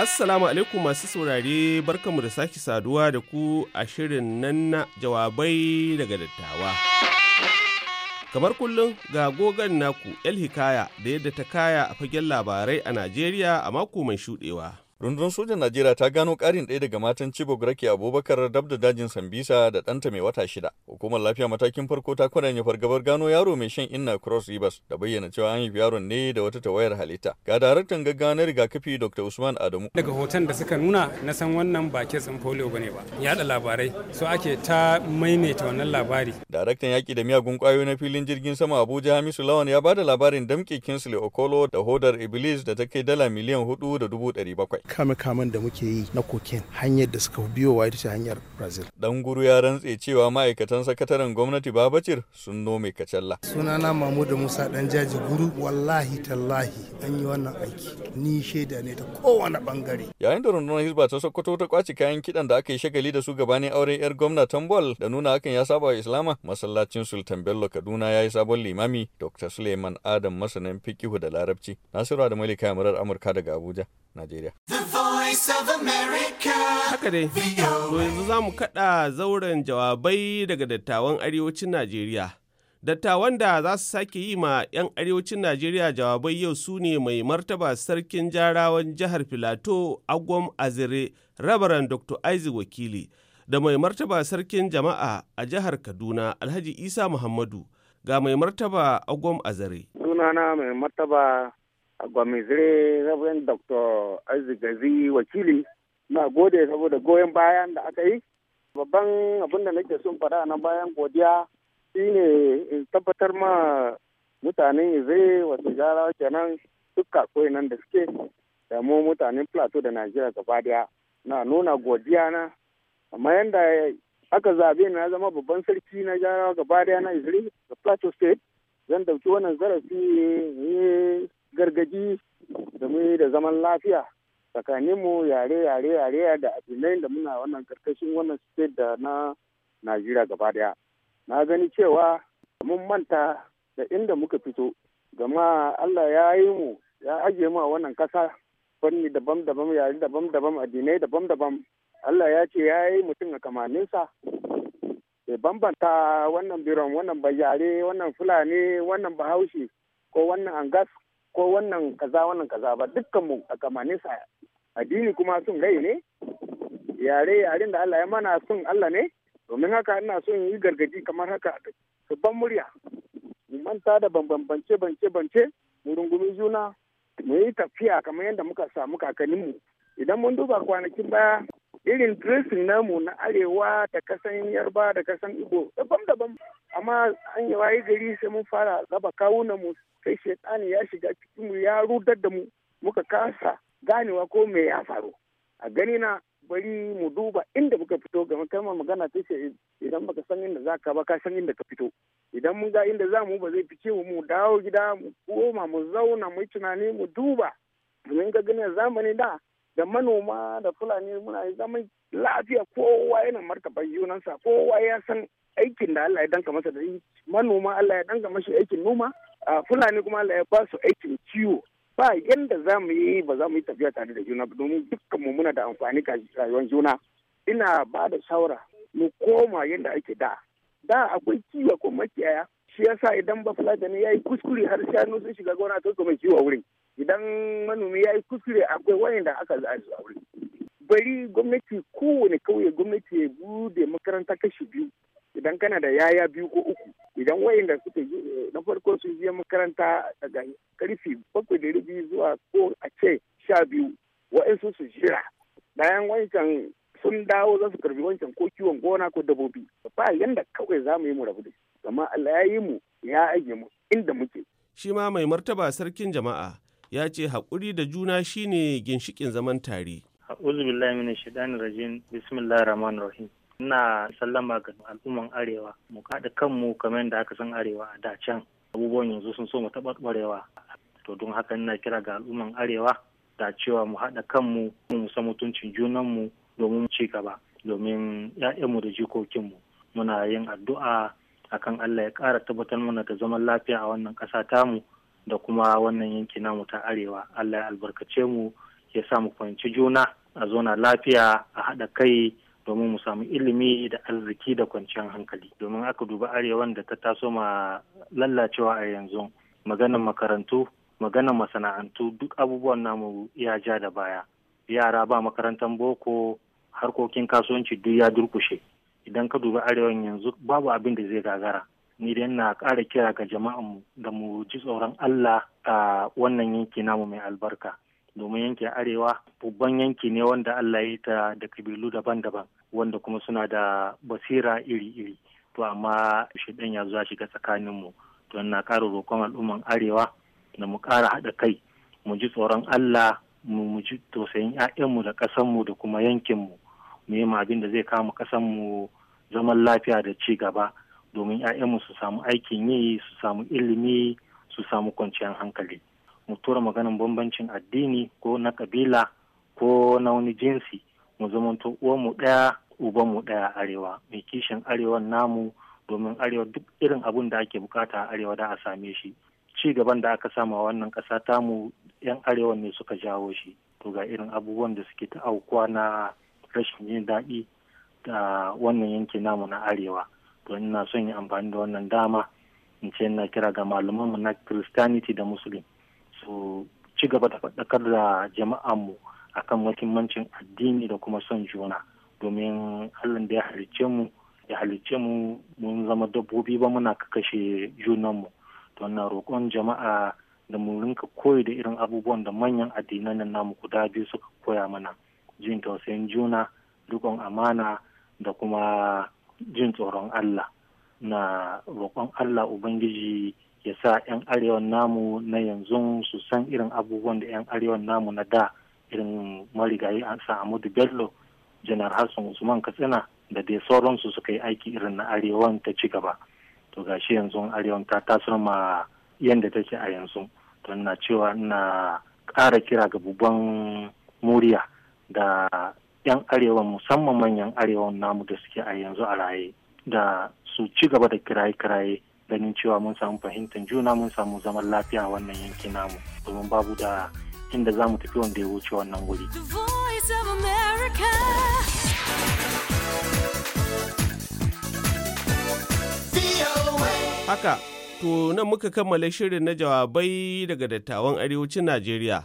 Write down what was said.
Assalamu alaikum masu saurare barkanmu da sake saduwa da ku a shirin nan na jawabai daga dattawa. Kamar kullum ga gogan naku El Hikaya da yadda ta kaya a fagen labarai a Najeriya a mako mai shuɗewa. rundunar sojan najeriya ta gano karin ɗaya daga matan chibok rake abubakar dab da dajin sambisa da ɗanta mai wata shida hukumar lafiya matakin farko ta ya fargabar gano yaro mai shan inna cross rivers da bayyana cewa an haifi yaron ne da wata tawayar halitta ga daraktan gaggawa na rigakafi dr usman adamu daga hoton da suka nuna na san wannan ba kitsin polio ne ba yaɗa labarai so ake ta maimaita wannan labari daraktan yaki da miyagun kwayoyi na filin jirgin sama abuja hamisu lawan ya da labarin damke kinsley okolo da hodar iblis da ta kai dala miliyan hudu da dubu ɗari bakwai kame-kamen da muke yi na koken hanyar da suka biyo wa ita ce hanyar brazil dan guru ya rantse cewa ma'aikatan sakataren gwamnati babacir sun nome kacalla sunana mahmudu musa dan jaji guru wallahi tallahi an yi wannan aiki ni shaida ne ta kowane bangare yayin da rundunar hizba ta sokoto ta kwaci kayan kidan da aka yi shagali da su gabanin auren yar gwamna tambol da nuna hakan ya saba wa islama masallacin sultan bello kaduna ya yi sabon limami dr suleiman adam masanin fikihu da larabci nasiru da malika murar amurka daga abuja najeriya Voice Haka dai, yanzu za mu kaɗa zauren jawabai daga dattawan arewacin Najeriya. Dattawan da za su sake yi ma 'yan arewacin Najeriya jawabai yau su ne mai martaba sarkin jarawan jihar Filato Agwam Azire, Rabaran Dr. Isaac Wakili, da mai martaba sarkin jama'a a jihar Kaduna Alhaji Isa Muhammadu, ga mai martaba Agwam Azare. Sunana mai martaba gwamizire rabin dr arzikazi wakili na gode saboda goyon bayan da aka yi babban abin da nake son faɗa na bayan godiya shine tabbatar ma mutanen izire wasu jarawa kenan dukka koyi nan da suke da mu mutanen plateau da najeriya gaba daya na nuna godiya na amma yadda aka zabe na zama babban sarki na jarawa gaba na izire da plateau state zan dauki wannan zarafi eh, gargaji da mu da zaman lafiya tsakaninmu yare yare yare da addinai da muna wannan karkashin wannan state da na najeriya gaba daya na gani cewa mun manta da inda muka fito gama allah ya yi mu ya ajiye mu a wannan kasa fanni daban-daban yare daban-daban addinai daban-daban allah ya ce ya yi mutum a kamaninsa bai bambanta wannan biron wannan bayare wannan fulani wannan bahaushe ko wannan angas ko wannan kaza wannan kaza ba dukkan mu a kamanin sa addini kuma sun rai ne yare yaren da Allah ya mana sun Allah ne domin haka ina so yi gargadi kamar haka su ban murya mu manta da bambance bance bance mu rungumi juna mu yi tafiya kamar yadda muka samu kakanninmu idan mun duba kwanakin baya irin dressing namu na arewa da kasan yarba da kasan igbo daban-daban amma an yi waye gari sai mun fara raba kawunan mu sai shaitani ya shiga cikin mu ya rudar da mu muka kasa ganewa ko me ya faru a gani na bari mu duba inda muka fito ga kalmar magana ta ce idan baka san inda za ka ba ka san inda ka fito idan mun ga inda za mu ba zai fice mu dawo gida mu koma mu zauna mu tunani mu duba domin ga ganin zamani da da manoma da fulani muna yi zaman lafiya kowa yana martaba junansa kowa ya san aikin da Allah ya danka masa da yi manoma Allah ya danka mashi aikin noma a fulani kuma Allah ya ba su aikin ciwo. ba yanda za mu yi ba za mu yi tafiya tare da juna domin dukkan mu muna da amfani ga rayuwar juna ina ba da shawara mu koma yanda ake da da akwai kiwo ko makiyaya shi yasa idan ba fulani ne yayi kuskure har shanu sun shiga gona to kuma kiwo wurin idan manomi ya yi kuskure akwai wayanda aka za a wurin bari gwamnati kowane kauye gwamnati ya bude makaranta kashi biyu idan kana da yaya biyu ko uku idan wayanda suka eh, na farko su je makaranta daga karfi bakwai da rubi zuwa ko a ce sha biyu wa'insu su jira bayan wancan sun dawo za su karbi wancan ko kiwon gona ko dabobi ba yanda kawai za mu yi mu rabu da shi amma Allah ya yi mu ya aje mu inda muke shi mai martaba sarkin jama'a ya ce haƙuri da juna shine ginshikin zaman tare. A'udhu billahi minash shaitanir rajim. rahim. Ina sallama ga al'umman Arewa. Mu kaɗa kanmu kamar da aka san Arewa a da can. Abubuwan yanzu sun so mu taɓarɓarewa. To don haka ina kira ga al'umman Arewa da cewa mu haɗa kanmu mu musa mutuncin junanmu domin ci gaba domin 'ya'yanmu da jikokinmu. Muna yin addu'a akan Allah ya ƙara tabbatar mana da zaman lafiya a wannan ƙasa tamu. da kuma wannan yanki namu ta arewa allah ya albarkace mu ya sa mu fahimci juna a zona lafiya a haɗa kai domin mu samu ilimi da arziki da kwanciyar hankali domin aka duba arewan da ta taso ma lallacewa a yanzu maganan makarantu maganan masana'antu duk abubuwan namu ya ja da baya yara ba makarantar boko harkokin kasuwanci duk ya durkushe idan ka duba arewan yanzu babu abin da zai gagara ni dai na ƙara kira ga jama'an mu da mu ji tsoron Allah a wannan yanki namu mai albarka domin yankin arewa babban yanki ne wanda Allah ya ta da kabilu daban-daban wanda kuma suna da basira iri-iri to amma shi shidan ya zuwa shiga tsakaninmu to na ƙara roƙon al'umman arewa da mu ƙara haɗa kai mu ji tsoron Allah mu ji tausayin 'ya'yanmu da ƙasanmu da kuma yankinmu mu yi abin da zai kama ƙasanmu zaman lafiya da ci gaba domin 'ya'yanmu su samu aikin yi su samu ilimi su samu kwanciyar hankali mu tura maganin bambancin addini ko na kabila ko na wani jinsi mu zamanto uwanmu ɗaya ubanmu ɗaya arewa mai kishin arewa namu domin arewa duk irin abun da ake bukata a arewa da a same shi ci gaban da aka sama wannan ƙasa tamu 'yan arewa ne suka jawo shi to ga irin abubuwan da suke ta aukuwa na rashin yin daɗi da wannan yanki namu na arewa to ina son yi amfani da wannan dama in ce na kira ga malamanmu na christianity da muslim su ci gaba da faɗakar da jama'anmu akan muhimmancin addini da kuma son juna domin allah da ya halicce mu ya halicce mu mun zama dabbobi ba muna kakashe junanmu to na roƙon jama'a da mu rinka koyi da irin abubuwan da manyan addinan nan namu guda biyu suka koya mana jin tausayin juna rikon amana da kuma jin tsoron Allah na roƙon Allah Ubangiji ya sa 'yan arewan namu na yanzu su san irin abubuwan da 'yan arewan namu na da irin marigayi a Sa'amudu Bello, Janar Hassan Usman Katsina da dai sauransu suka yi aiki irin na arewan ta ci gaba. To gashi yanzu arewan ta tasar ma yadda take a yanzu. To na cewa na ƙara kira ga muriya da 'yan arewa musamman manyan arewan namu da suke a yanzu a raye da su ci gaba da kiraye-kiraye ganin cewa mun samu fahimtar juna mun samu zaman lafiya a wannan yanki namu domin babu da inda za mu tafi wanda ya wuce wannan wuri. Haka, to nan muka kammala shirin na jawabai daga dattawan arewacin Najeriya.